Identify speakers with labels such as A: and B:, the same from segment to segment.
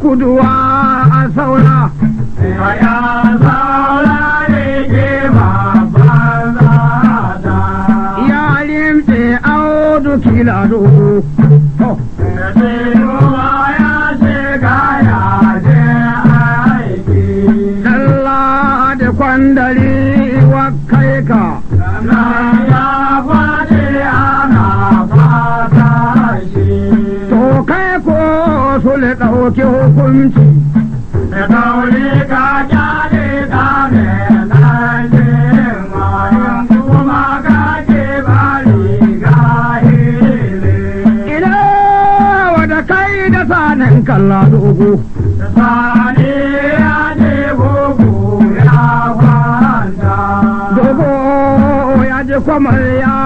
A: kuduwa a saura ya saura ne ke babban zada ya limce audu kilado hukunci da daure ka kyale da ne na je mayan kuma ka ke bari ga hele ina wada kai da sanin kalla dogo sani ya je gogo ya kwanta dogo ya je kwamar ya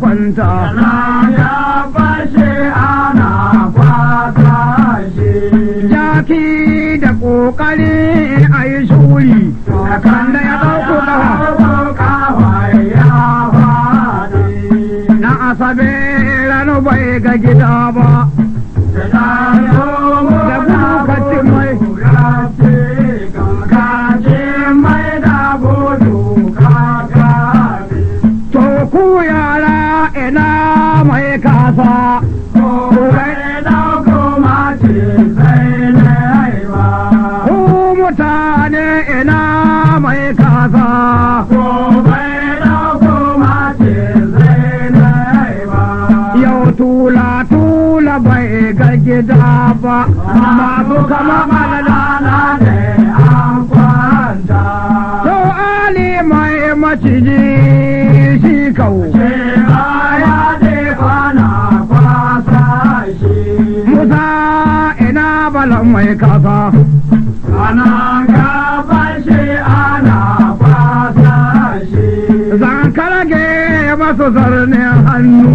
A: kwanta na ya fashe a baki da kokari a yi shuri kan da ya dauko kawa na asabe ranu bai ga gida ba tula tula bai ga gida ba masu kama malala ne an kwanta to ali mai maciji shi kawo ce baya da kwana kwasa musa ina bala mai kasa ana gaba shi ana kwasa shi zan karage masu zarnin hannu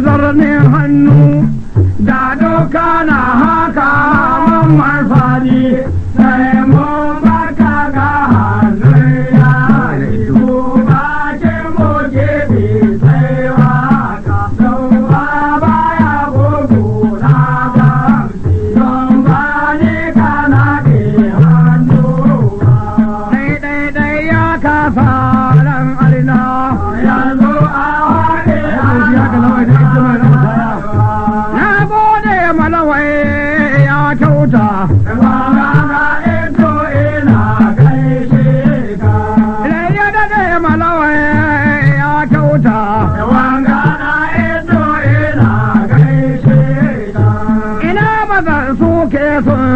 A: musu hannu da doka na haka mamman fadi sai mu baka ga hannun yare su bakin mu gefe sai waka don ba baya bugu na bamsi don ba kana ke hannu ba. Dai dai dai ya kafa